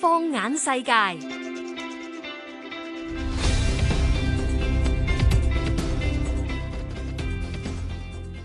放眼世界，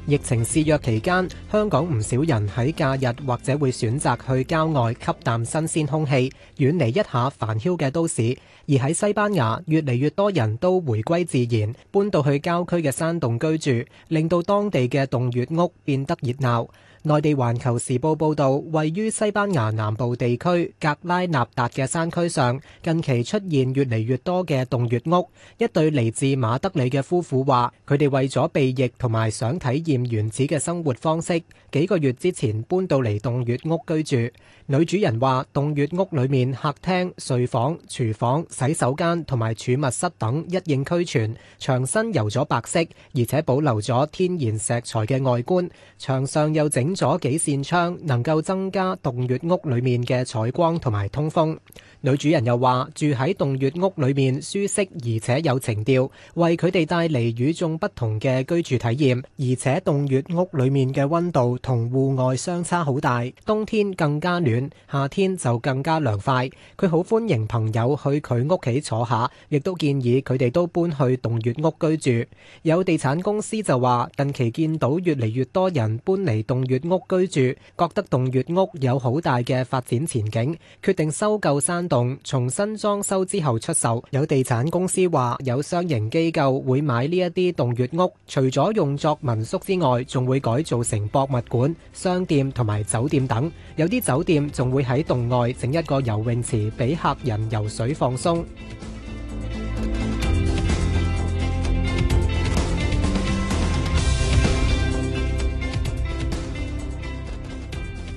疫情肆虐期間，香港唔少人喺假日或者會選擇去郊外吸啖新鮮空氣，遠離一下繁囂嘅都市。而喺西班牙，越嚟越多人都回歸自然，搬到去郊區嘅山洞居住，令到當地嘅洞穴屋變得熱鬧。內地《環球時報》報導，位於西班牙南部地區格拉納達嘅山區上，近期出現越嚟越多嘅洞穴屋。一對嚟自馬德里嘅夫婦話，佢哋為咗避疫同埋想體驗原始嘅生活方式，幾個月之前搬到嚟洞穴屋居住。女主人話，洞穴屋裡面客廳、睡房、廚房、洗手間同埋儲物室等一應俱全，牆身油咗白色，而且保留咗天然石材嘅外觀，牆上又整咗幾扇窗，能夠增加洞穴屋裏面嘅採光同埋通風。女主人又話，住喺洞穴屋裏面舒適而且有情調，為佢哋帶嚟與眾不同嘅居住體驗。而且洞穴屋裏面嘅溫度同戶外相差好大，冬天更加暖，夏天就更加涼快。佢好歡迎朋友去佢屋企坐下，亦都建議佢哋都搬去洞穴屋居住。有地產公司就話，近期見到越嚟越多人搬嚟洞穴屋居住，覺得洞穴屋有好大嘅發展前景，決定收購山洞，重新裝修之後出售。有地產公司話，有商營機構會買呢一啲洞穴屋，除咗用作民宿之外，仲會改造成博物館、商店同埋酒店等。有啲酒店仲會喺洞外整一個游泳池，俾客人游水放鬆。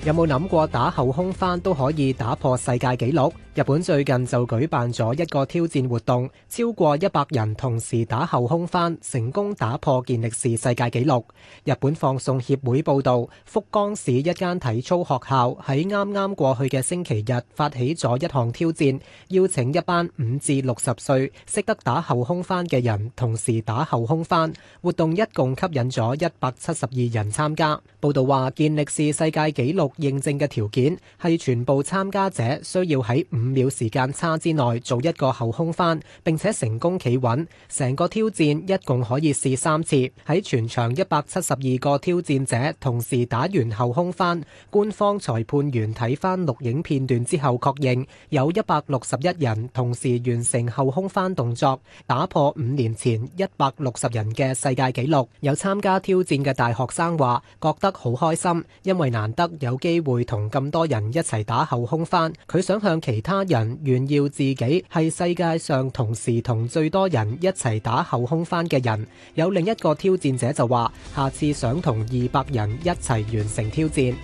有冇諗過打後空翻都可以打破世界紀錄？日本最近就舉辦咗一個挑戰活動，超過一百人同時打後空翻，成功打破健力士世界紀錄。日本放送協會報道，福岡市一間體操學校喺啱啱過去嘅星期日發起咗一項挑戰，邀請一班五至六十歲識得打後空翻嘅人同時打後空翻。活動一共吸引咗一百七十二人參加。報道話健力士世界紀錄。認證嘅條件係全部參加者需要喺五秒時間差之內做一個後空翻，並且成功企穩。成個挑戰一共可以試三次。喺全場一百七十二個挑戰者同時打完後空翻，官方裁判員睇翻錄影片段之後，確認有一百六十一人同時完成後空翻動作，打破五年前一百六十人嘅世界紀錄。有參加挑戰嘅大學生話：覺得好開心，因為難得有。機會同咁多人一齊打後空翻，佢想向其他人炫耀自己係世界上同時同最多人一齊打後空翻嘅人。有另一個挑戰者就話，下次想同二百人一齊完成挑戰。